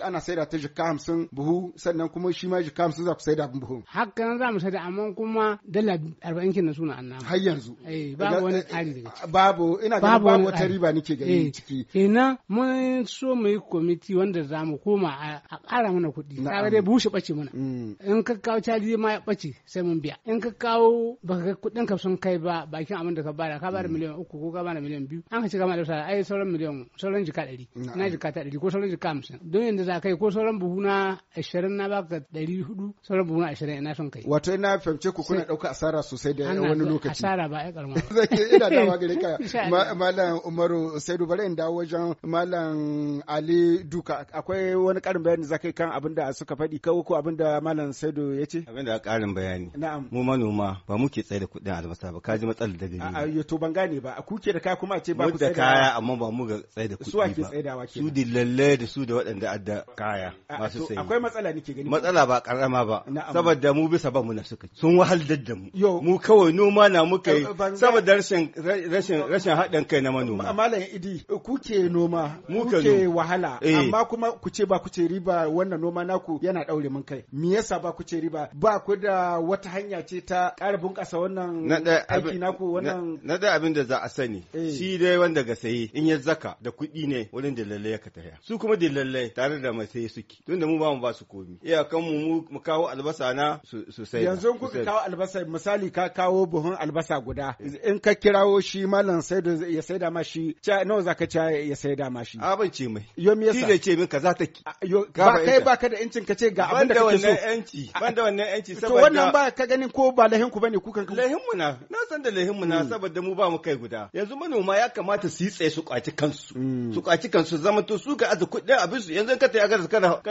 [SPEAKER 4] ana da ta jika jika hamsin buhu sannan kuma shi ma jika hamsin za ku sai da buhu.
[SPEAKER 5] Hakan za mu sai da amma kuma dala arba'in kenan suna annama. Har yanzu. Eh, babu wani eh, tsari daga ciki. Babu ina ganin babu wata riba nake gani eh, ciki. Kenan mun so mu yi kwamiti wanda za mu koma a ƙara mana kuɗi. Kaga dai bushe ɓace mana. Mm. In ka kawo caji ma ya ɓace sai mun biya. In ka kawo baka kuɗin ka sun kai ba bakin abin da ka bada ka bada mm. miliyan uku ko ka bada miliyan biyu an ka ci gama da sauran miliyan sauran jika ɗari. Na jika ta ɗari ko sauran jika hamsin. Don yanda za ka yi ko sauran buhu buhuna ashirin na baka ɗari hudu sauran buhuna ashirin ina son kai.
[SPEAKER 4] Wato ina fahimce ku kuna ɗauka asara sosai da wani lokaci. Asara ba
[SPEAKER 5] ya karama. Zaki ina da gare ka
[SPEAKER 4] Malam Umaru Saidu bari in dawo wajen Malam Ali Duka akwai wani ƙarin bayani za kai kan abin da suka faɗi kawo ko abin da Malam Saidu ya ce.
[SPEAKER 1] Abin da ƙarin bayani. Na'am. Mu manoma ba muke tsaye da kuɗin albasa ba ka ji matsalar da gani. a
[SPEAKER 4] yato ban gane ba a kuke da kaya kuma a ce ba ku tsaye da kaya amma
[SPEAKER 1] ba mu ga tsaye da kuɗi ba. Su ake tsaye da wa Su da su da waɗanda adda kaya. masu sayi. Akwai
[SPEAKER 4] matsala nake gani. Matsala
[SPEAKER 1] ba karama ba. Saboda mu bisa ba mu na suka sun wahaldar da mu. Mu kawai noma na muka yi saboda rashin rashin rashin haɗin kai na manoma.
[SPEAKER 4] Malam Idi kuke noma kuke wahala eh. amma kuma ku ce ba ku ce riba wannan noma naku yana ɗaure mun kai. Me yasa ba ku ce riba ba ku da wata hanya ce ta ƙara bunƙasa wannan aiki naku wannan.
[SPEAKER 1] Na da abin da za a sani eh. shi dai wanda ga saye in ya zaka da kuɗi ne wurin da lalle ya ka taya. Su kuma da lalle tare da mai suke. tunda mu ba mu ba su komi iyakan mu mu kawo albasa na su sai yanzu ku kawo
[SPEAKER 4] albasa misali ka kawo buhun albasa guda in ka kirawo shi malam da ya saida ma shi cha nawa zaka cha ya saida ma shi a ban ce mai yo me yasa ce min ka za ta ki ba kai baka da incin ka ce ga abin da kake so ban da wannan yanci ban da wannan yanci saboda to wannan ba ka ganin ko ba lahin ku bane kukan lahin mu na na san da lahin mu
[SPEAKER 1] na hmm. saboda mu ba mu kai guda yanzu manoma ya kamata su yi tsaye su kwaci kansu hmm. su kwaci kansu zama to su ka azu kuɗin abin su yanzu ka tayi agar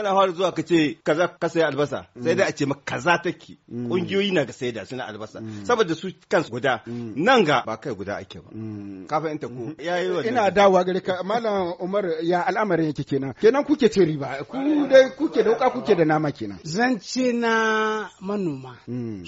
[SPEAKER 1] kana fara zuwa ka ce kaza ka sayi albasa sai dai a ce maka kaza take kungiyoyi mm. na ga sai da suna albasa mm. saboda su kansu guda mm. nan ga ba kai guda ake ba ka fahimta ko mm-hmm. yayi wannan ina
[SPEAKER 4] dawowa gare ka malam Umar ya al'amarin yake kenan kenan kuke ce riba ku dai kuke da kuke da nama kenan ce
[SPEAKER 5] na manoma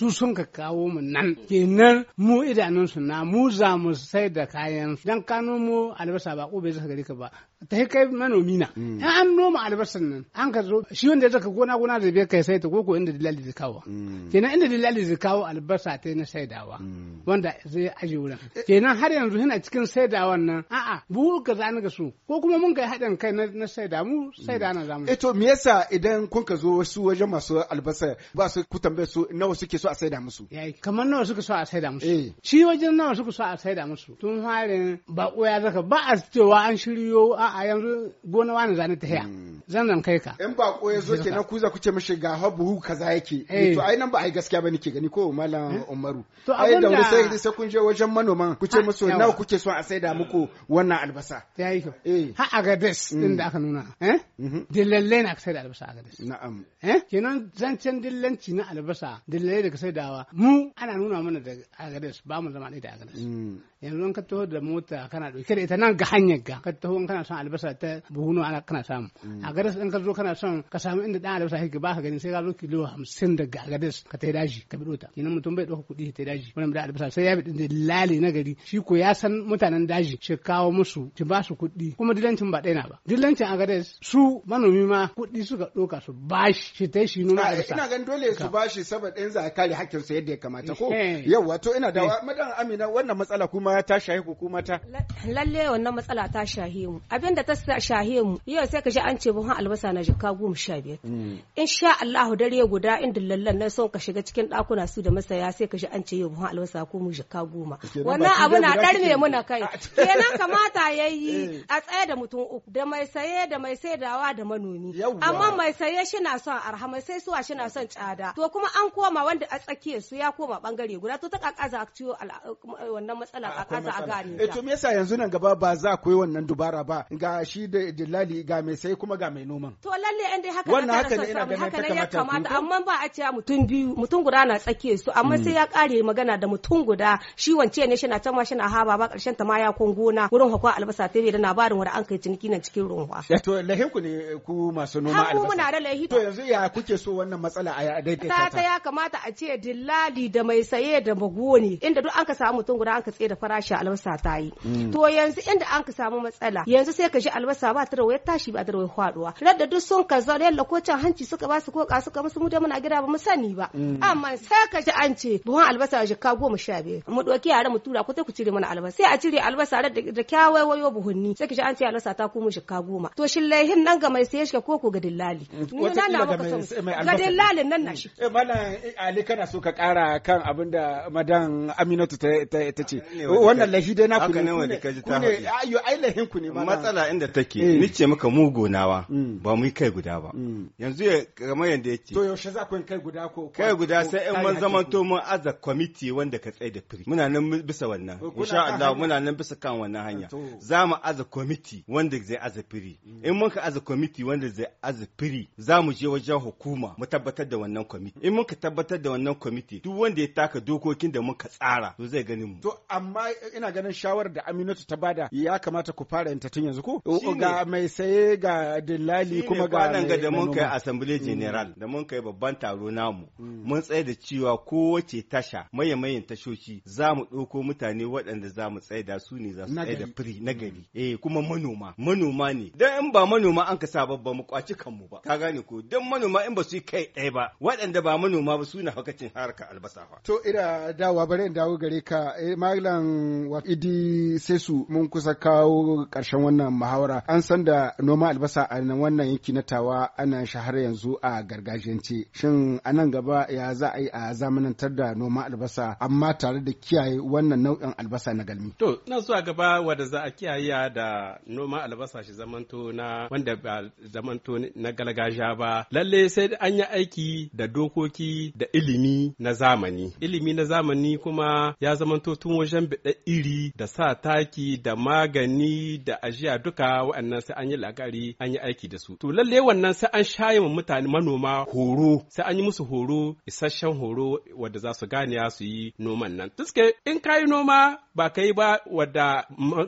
[SPEAKER 5] su sun ka kawo mu nan kenan mu idanun su na mu za mu sai da kayan dan kano mu albasa ba ko bai zaka gare ka ba ta yi kai manomi na in mm. an noma albasan nan an ka zo shi wanda zaka gona gona da bai kai sai ta koko inda dilali zai kawo mm. kenan inda dilali zai kawo albasa ta na saidawa mm. wanda zai aje wurin kenan har yanzu yana cikin saidawan nan a'a buhu ka zani ga su ko kuma mun kai haɗin kai na saida mu saida na zamu eto
[SPEAKER 4] eh me yasa idan kun ka zo wasu wajen masu albasa
[SPEAKER 5] ba su ku tambaye su nawa suke so a saida musu kamar nawa suke so a saida musu eh. shi wajen nawa suke so a saida musu tun harin ba ya zaka ba a cewa an shiryo a a yanzu gona wani zane ta haya hmm. zan zan kai ka in ba ya zo ke na kuza kuce mishi ga buhu kaza
[SPEAKER 4] yake eh. Eh, to ai nan ba ai gaskiya bane ke gani ko malam eh? Umaru ai da wani sai
[SPEAKER 5] kun je wajen manoman kuce ah, musu nawa kuke son a saida muku wannan albasa ya yi kyau ha agades hmm. din da aka nuna eh mm-hmm. dillalle na ka saida albasa agades na'am eh kenan zancen dillanci na albasa dillalle da ka saidawa mu ana nuna mana da agades ba mu zama da agades hmm. yanzu ka taho da mota kana ɗauke da ita nan ga hanyar ga ka taho kana son albasa ta buhuno ana kana samu mm. a gadas in ka zo kana son ka samu inda dan albasa yake ba ka gani sai ka zo kilo 50 daga gadas ka tai daji ka bido ta kinan mutum bai ɗauka kuɗi tai daji wannan da albasa sai ya bi lale na gari shi ko ya san mutanen daji shi kawo musu ki ba su kuɗi kuma dilancin ba ɗaya na ba dilancin a gadas su manomi ma kuɗi suka ɗauka su ba shi tai shi nuna albasa ina gan dole
[SPEAKER 4] su shi saboda in za a kare hakkin su yadda ya kamata ko eh. yawa to ina da eh. madan Amina wannan matsala kuma ma ta shahi ku kuma ta
[SPEAKER 2] lalle wannan matsala ta shahi mu abin da ta shahi mu yau sai ka ji an ce buhun albasa na jikka goma sha biyar mm. sha Allah dare guda inda lallan na son ka shiga cikin ɗakuna su da masaya sai ka ji an ce yau buhun albasa ko mu jikka goma wannan abu na ne muna kai kenan kamata ya yi eh. a tsaye da mutum uku da mai saye da mai saidawa da manomi amma mai saye shi na son arha mai sai suwa shi na son tsada to kuma an koma wanda a tsakiyar su ya koma bangare guda to ta kakaza ciwo wannan matsala a gane eh me
[SPEAKER 4] yasa yanzu nan gaba ba za koyi wannan dubara ba ga shi da dillali ga mai sai kuma ga mai noman
[SPEAKER 2] to lalle an dai haka wannan haka ne ina ganin ta kamata kamata amma ba a cewa mutum biyu mutum guda na tsake su amma hmm. sai ya kare magana da mutum guda shi wance ne shi na can ma shi na haba ba karshen ta ma ya kon gona wurin hakwa albasa tebe da labarin wanda an kai ciniki nan cikin runwa
[SPEAKER 4] ya eh, to lahin ku ne ku masu noma albasa muna da
[SPEAKER 2] lahi to yanzu ya kuke so wannan matsala a daidaita ta ya kamata a ce dillali da mai saye da magoni inda duk an ka samu mutum guda an ka tsaye da fara farashi albasa ta yi mm. to yanzu inda an ka samu matsala yanzu sai ka ji albasa ba ta rawaya tashi ba ta rawaya faduwa radda duk sun ka zo yalla ko can hanci suka ba su ko ka suka musu mu da muna gida ba mu sani ba mm. amma sai ka ji an ce buhun albasa jikka goma sha biyar mu ɗauki yare mu tura ku ta ku cire mana albasa sai a cire albasa da kyawai wayo buhunni sai ka ji an ce albasa ta kuma jikka goma to shin laihin nan ga mai sai shi ko ko ga dillali mm. ni ga dillalin nan na shi
[SPEAKER 4] eh malam ali kana so ka kara kan abin da madan aminatu ta ce wannan lahi dai naku ne wanda kaji ta haɗi ayo ai lahin ku ne ba matsala inda
[SPEAKER 1] take eh. ni ce maka gonawa mm. ba mu kai guda ba mm. yanzu ya kamar yanda yake to yaushe za ku kai guda
[SPEAKER 4] ko kai guda sai in mun zaman to
[SPEAKER 1] mun aza committee wanda ka tsaye da firi muna nan bisa wannan insha Allah muna nan bisa kan wannan hanya za mu aza committee wanda zai aza firi mm. in mun ka aza committee wanda zai aza firi za mu je wajen hukuma mu tabbatar da wannan committee in mun ka tabbatar da wannan committee duk wanda ya taka dokokin da muka tsara to zai gani mu to amma
[SPEAKER 4] amma ina ganin shawarar da Aminatu ta bada ya kamata ku fara ta tun yanzu ko ga mai saye ga dillali kuma ga kwanan ga da mun kai assembly mm. general
[SPEAKER 1] da mun kai babban taro namu mm. mun tsaye da cewa kowace tasha maye-mayen tashoshi za mu ɗauko mutane waɗanda za mu tsaye da su ne za su tsaye da firi na gari mm. eh kuma manoma manoma ne dan in ba manoma an ka sa babba mu kwaci kanmu ba ka gane ko dan manoma in ba su kai ɗaya ba waɗanda ba manoma ba su na hakacin harka albasa fa
[SPEAKER 4] to ira dawa bare dawo gare ka eh, malam idi sai su mun kusa kawo ƙarshen wannan muhawara an san da noma albasa a nan wannan yanki na tawa ana shahara yanzu a gargajiyance shin a nan gaba ya za a yi a zamanantar da noma albasa amma tare da kiyaye wannan nau'in albasa na galmi to
[SPEAKER 3] na zuwa gaba wanda za a kiyaye da noma albasa shi zamanto na wanda ba zamanto na gargajiya ba lalle sai an yi aiki da dokoki da ilimi na zamani ilimi na zamani kuma ya zamanto tun wajen Da iri da sa taki da magani da ajiya duka waɗannan sai an yi lagari an yi aiki da su. To lalle wannan sai an shaye wa mutane manoma horo sai an yi musu horo isasshen horo wadda za su gane su yi noman nan. Tuske in ka yi noma ba ka yi ba wadda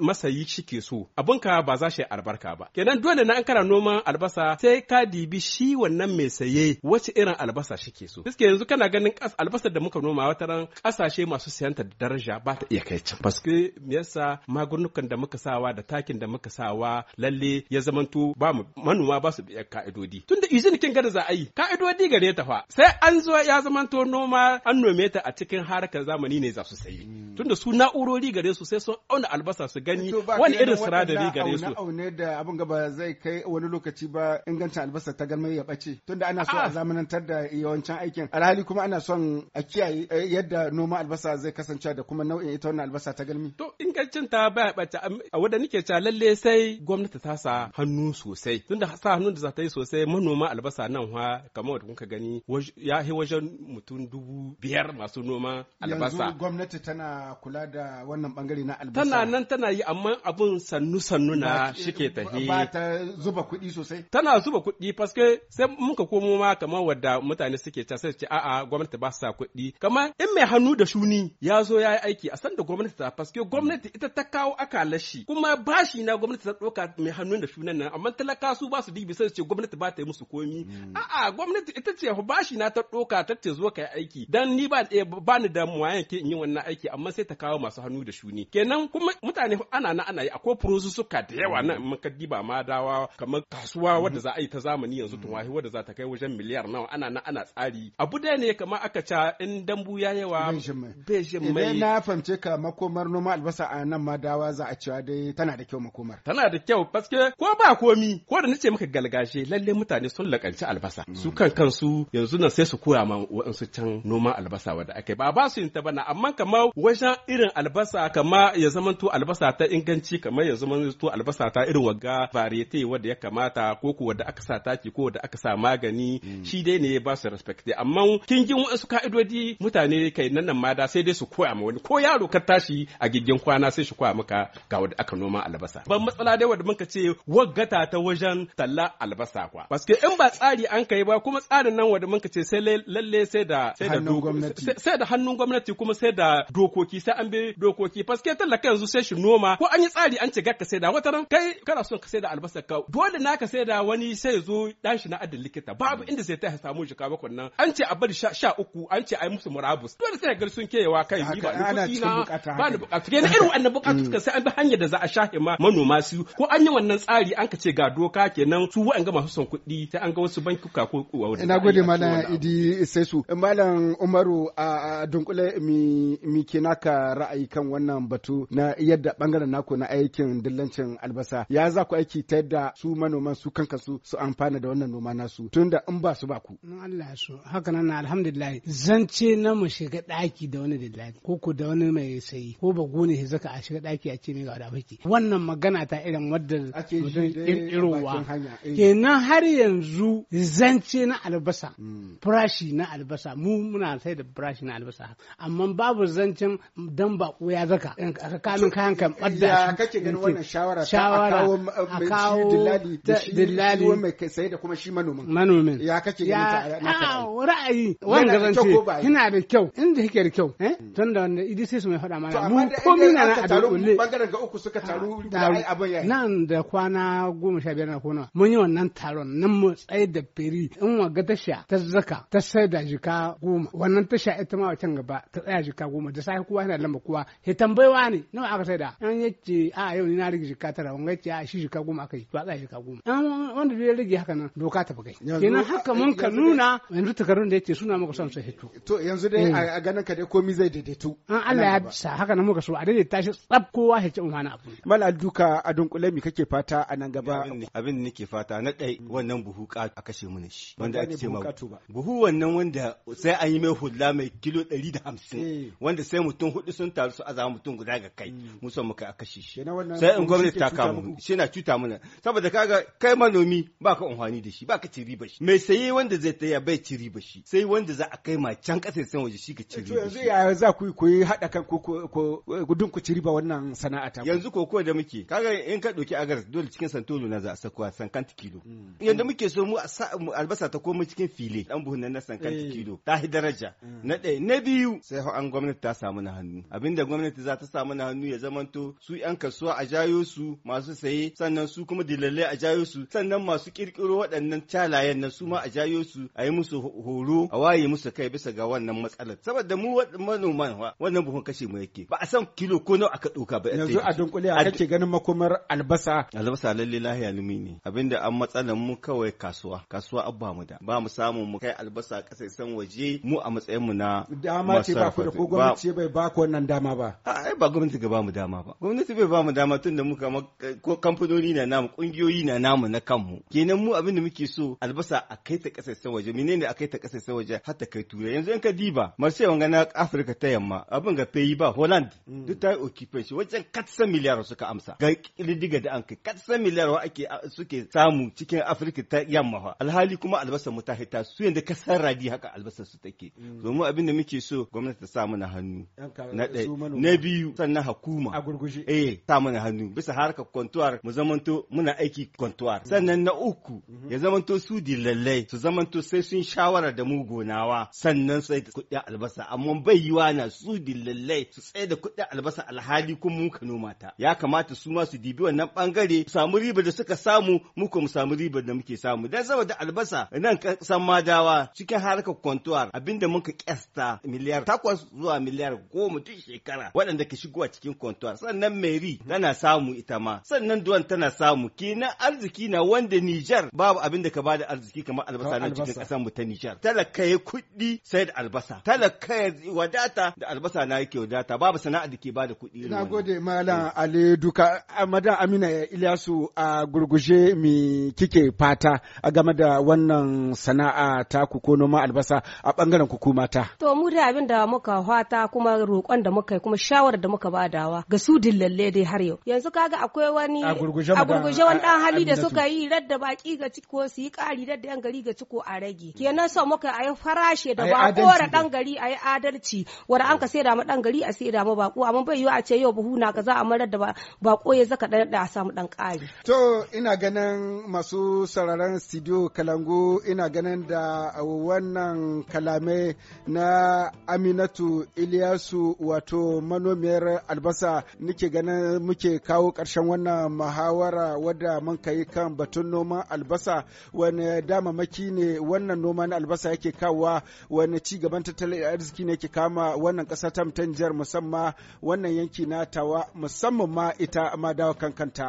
[SPEAKER 3] masayi ke so ka ba za shi albarka ba. Kenan dole na an kana noman albasa sai ka dibi shi wannan mai saye wace irin albasa shike so. Tuske yanzu kana ganin albasa da muka noma wata ran ƙasashe masu siyanta da daraja ba ta iya kai can paske me yasa magungunan da muka sawa da takin da muka sawa lalle ya zamanto ba mu manuwa ba su biya ka'idodi tunda izini kin gada za a yi ka'idodi gare ta fa sai an zo ya zamanto noma an nome ta a cikin harkar zamani ne za su sayi mm. tunda su na'urori gare su sai sun auna albasa su gani wani irin sinadari gare su
[SPEAKER 4] aune da abin gaba zai kai wani lokaci ba ingancin albasa ta galmai ya bace tunda ana so a ah. zamanantar da yawancin aikin alhali kuma ana son a kiyaye eh, yadda noma albasa zai kasance da kuma nau'in ita wannan albasa ta galmi.
[SPEAKER 3] To ingancin ta baya bace a wadda nake cewa lalle sai gwamnati ta sa hannu sosai tunda sa hannu da za ta yi sosai manoma albasa nan wa kamar da kuka gani ya yi wajen mutum dubu biyar masu noma albasa. Yanzu
[SPEAKER 4] gwamnati tana kula da wannan bangare na albasa. Tana
[SPEAKER 3] nan tana yi amma abun sannu sannu na shike tahi. Ba
[SPEAKER 4] ta zuba kuɗi sosai.
[SPEAKER 3] Tana zuba kuɗi paske sai muka komo ma kamar wadda mutane suke ta sai ce a'a gwamnati ba sa kuɗi. Kamar in mai hannu da shuni ya zo ya yi aiki a san da gwamnati gwamnati ta faske gwamnati ita ta kawo akalar shi kuma bashi na gwamnati ta ɗauka mai hannun da shunan nan amma talaka su ba su dibi sai su ce gwamnati ba ta yi musu komi mm. a'a gwamnati ita ce bashi na ta ɗauka ta ce zo kai aiki dan ni ba eh, ba ni da muwayan in yi wannan aiki amma sai ta kawo masu hannu da shuni kenan kuma mutane ana na ana yi akwai suka da yawa na ka diba ma dawa kamar kasuwa mm-hmm. wadda za a yi ta zamani yanzu wahi mm-hmm. wadda za ta kai wajen miliyar nawa ana na ana tsari abu da ne kamar aka ca in dambu ya yawa bai jin na
[SPEAKER 4] fahimce ka makomar noma albasa a nan ma dawa za a cewa dai tana da kyau makomar.
[SPEAKER 3] Tana da kyau paske
[SPEAKER 4] ko ba komi
[SPEAKER 3] ko da nace maka galgashe lalle mutane sun lakanci albasa. Mm. Su kan kansu yanzu nan sai su koya ma wa'ansu can noma albasa wadda ake ba ba su yin ta bana amma kamar wajen irin albasa kama ya zamanto albasa ta inganci kamar ya zamanto albasa ta irin wagga variety wadda ya kamata ko ko wadda aka sa taki ko wadda aka sa magani mm. shi dai ne ba su respect amma kin kingin wa'ansu ka'idodi mutane kai nan nan ma da sai dai su koya ma wani ko yaro ka tashi a gigin kwana sai shi kwa maka ga wadda aka noma albasa ban matsala dai wadda muka ce waggata ta wajen talla albasa kwa paske in ba tsari an kai ba kuma tsarin nan wadda muka ce sai lalle sai da sai da sai da hannun gwamnati kuma sai da dokoki sai an bi dokoki paske tallaka yanzu sai shi noma ko an yi tsari an ce ga ka sai da wata ran kai kana son ka sai da albasa ka dole na ka sai da wani sai zo dan shi na adin likita babu inda sai ta samu jika bakon nan an ce a bari sha uku an ce a yi musu murabus dole sai ga sun kewa kai ni ba bukata ba ni bukata kenan irin wannan bukatu mm. suka sai an bi hanyar da za a shafe ma manoma su ko an yi wannan tsari an ka ce ga doka kenan su wa'anga masu son kuɗi ta an ga wasu banki ka ko kuwa na gode malam
[SPEAKER 4] idi sesu malam umaru a dunkule mi mi naka ra'ayi kan wannan batu na yadda bangaren naku na aikin dillancin albasa ya za ku aiki ta yadda su manoman su kanka su su amfana da wannan noma nasu tunda in ba su ba ku
[SPEAKER 5] Allah so haka nan alhamdulillah zance na mu shiga daki da wani dillali ko ko da wani mai isa yi ko ba gone shi zaka a shiga daki a ce mai ga baki wannan magana ta irin wadda mutum kirkirowa eh. kenan har yanzu zance na albasa hmm. farashi na albasa mu muna sai da farashi na albasa amma babu zancen dan bako ya zaka ka kamin kayan kan badda ya kake ganin wannan shawara shawara a kawo dillali dillali mai sai da kuma shi manomin manomin ya kake ganin ta ra'ayi wanda zance yana da kyau inda kike da kyau eh tunda wanda idisi su mai faɗa mana mu komi na na abin kulle bangaren
[SPEAKER 4] ga uku suka taru ah, da ai abin yayi
[SPEAKER 5] nan da kwana 15 na kona mun yi wannan taron nan mu tsaye da feri in waga tasha ta zaka ta sai da jika goma wannan tasha ita ma wacan gaba ta tsaya jika goma da sai kowa yana lamba kowa he tambayewa ne nawa aka sai da an yace a yau ni na rige jika tara wanga yace a shi jika goma kai yi to a tsaya jika goma an wanda ya rige haka nan doka ta bugai kenan haka mun ka nuna yanzu takarun da yace suna maka son sai hito to yanzu dai a ganin ka dai komai zai daidaitu an Allah ya sa haka nan muka so a daidaita
[SPEAKER 4] shi tsab kowa ya ci wani abu mala duka a dunkule mi kake fata a nan gaba abin ne ke
[SPEAKER 1] fata na ɗai wannan buhu ka a kashe mu shi wanda ake ce buhu wannan wanda sai an yi mai hula mai kilo hamsin. Eh. wanda sai mutum hudu sun taru su aza mutum guda ga kai mm. mu son mu kai a kashe shi sai in gwamnati ta kama shi na cuta mana saboda kaga kai manomi ba ka umfani da shi ba ka ci riba shi mai saye wanda zai taya bai ci riba shi sai wanda za a kai ma can kasar san waje shi ka ci riba shi
[SPEAKER 4] yanzu ya za ku koyi haɗa kan ku gudun ku ci
[SPEAKER 1] riba wannan sana'a ta yanzu ko da muke kaga in ka ɗauki agar dole cikin santolo na za a sakuwa sankanti kilo hmm. yanda muke so mu albasa ta komo cikin file dan buhun na sankanti eh. kilo ta hi daraja hmm. na ɗaya na biyu sai an gwamnati ta samu na hannu abinda gwamnati za ta samu na hannu ya zamanto su yan kasuwa a jayo su masu saye sannan su kuma dilalle a jayo su sannan masu kirkiro waɗannan calayen na su ma a jayo su a yi musu horo a waye musu kai bisa ga wannan matsalar saboda mu manoman wannan buhun kashe mu yake yake ba a san kilo ko nawa aka ɗauka ba yanzu a dunkule a kake ganin makomar albasa albasa lalle lahiya lumi ne abinda an matsalan mu kawai kasuwa kasuwa abba mu da ba mu samu mu kai albasa san waje mu a matsayin mu na
[SPEAKER 4] dama ce ba ku da ko gwamnati bai ba ku wannan dama ba ai
[SPEAKER 1] ba gwamnati ga ba mu dama ba gwamnati bai ba mu dama tunda muka ko kamfanoni na namu kungiyoyi na namu na kanmu kenan mu abinda muke so albasa a kai ta san waje menene a kai ta san waje har ta kai turai yanzu in ka diba marshe wanga na Afirka ta yamma abin ga fayi ba Holland mm. duk ta yi occupation wajen katsan miliyar suka amsa ga ƙididdiga da an kai katsan miliyar wa ake suke samu cikin Afirka ta yamma fa alhali kuma albasar mu ta hita su yanda ka radi haka albasar su take domin mm. abin da muke so gwamnati ta sa mana hannu na ɗaya na biyu sannan hukuma a gurguje eh sa mana hannu bisa harkar kwantuwar mu zamanto muna aiki kwantuwar mm. sannan na uku mm-hmm. ya zamanto su lallai su zamanto sai sun shawara da mu gonawa sannan sai kuɗin albasa amma bai yiwa na su lallai su tsaye da kuɗin albasa alhali kuma muka noma ta ya kamata su ma su dibi wannan bangare samu riba da suka samu mu mu samu riba da muke samu dan saboda albasa nan kasan madawa cikin harkar kwantuwar abinda muka kyasta miliyar takwas zuwa miliyar goma duk shekara waɗanda ke shigowa cikin kwantuwar sannan mary tana samu ita ma sannan duwan tana samu kenan arziki na wanda Nijar babu abinda ka bada arziki kamar albasa nan cikin kasan mu ta Nijar talaka ya kuɗi sai da albasa talaka ya wadata da albasa na yake wadata ta babu sana'a da ke ba da kuɗi. Na
[SPEAKER 4] gode Malam eh. Ali Duka, Madan Amina Ilyasu a gurguje mi kike fata a game da wannan sana'a ta ku ko noma albasa a bangaren ku mata.
[SPEAKER 2] To mu da abin da muka fata kuma roƙon da muka yi kuma shawarar da muka badawa ga su dillalle dai har yau. Yanzu kaga akwai wani a gurguje wani dan hali da suka yi radda baki ga ciko su yi ƙari radda yan gari ga ciko a rage. Kenan so muka a yi farashe da ba kora dan gari a yi adalci wanda an ka sai da ma dan gari a sai da ma bako amma bai yiwu a ce yau buhu na kaza a marar da bako ya zaka dan da samu dan kari
[SPEAKER 4] to ina ganin masu sararan studio kalangu ina ganin da wannan kalamai na Aminatu Iliyasu wato manomiyar albasa nike ganin muke kawo karshen wannan muhawara wadda mun kai kan batun noman albasa wani damamaki ne wannan noma albasa yake kawowa wani ci gaban tattalin arziki ne yake kama wannan ƙasa ta mutan jihar matasan ma wannan yanki na tawa musamman ma ita ma dawa kankanta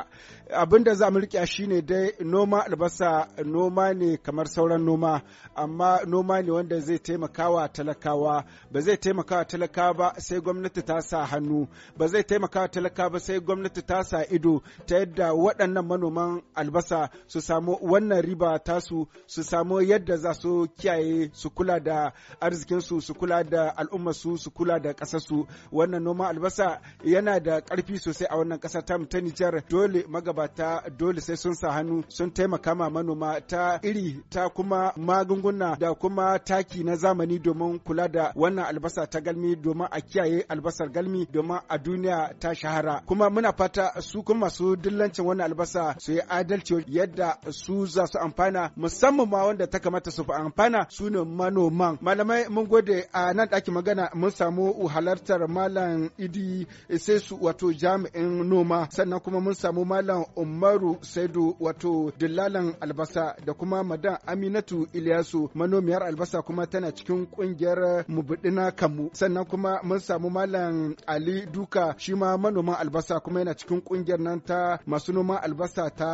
[SPEAKER 4] abin da za mu riƙe ne dai noma albasa noma ne kamar sauran noma amma noma ne wanda zai taimakawa talakawa ba zai taimakawa talakawa ba sai gwamnati ta sa hannu ba zai taimakawa talakawa ba sai gwamnati ta sa ido ta yadda waɗannan manoman albasa su samu wannan riba tasu su samu yadda za su kiyaye su kula da arzikinsu su kula da al'ummarsu su kula da ƙasarsu wannan noman albasa yana da karfi sosai a wannan kasar tamu ta Nijar dole magabata dole sai sun sa hannu sun taimaka ma manoma ta iri ta kuma magunguna da kuma taki na zamani domin kula da wannan albasa ta galmi domin a kiyaye albasar galmi domin a duniya ta shahara kuma muna fata su kuma masu dillancin wannan albasa su yi adalci yadda su za su amfana musamman ma wanda ta kamata su amfana su ne manoman malamai mun gode a nan ɗakin magana mun samu halartar ma malam idi eh, sai wato jami'in noma sannan kuma mun samu malam umaru saidu wato dillalan albasa da kuma madan aminatu iliyasu manomiyar albasa kuma tana cikin kungiyar mubudina kamu sannan kuma mun samu malam ali duka shi ma manoman albasa kuma yana cikin kungiyar nan ta masu noma albasa ta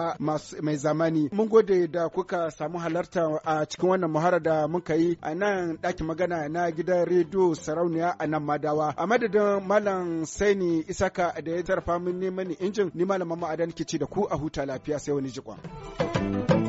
[SPEAKER 4] mai zamani mun gode da kuka samu halarta a cikin wannan muhara da muka yi a nan ɗakin magana na gidan rediyo sarauniya a nan madawa a madadin madadin malam saini isaka da ya tarfa min neman injin ni malam malamin ke kici da ku a huta lafiya sai wani jikon.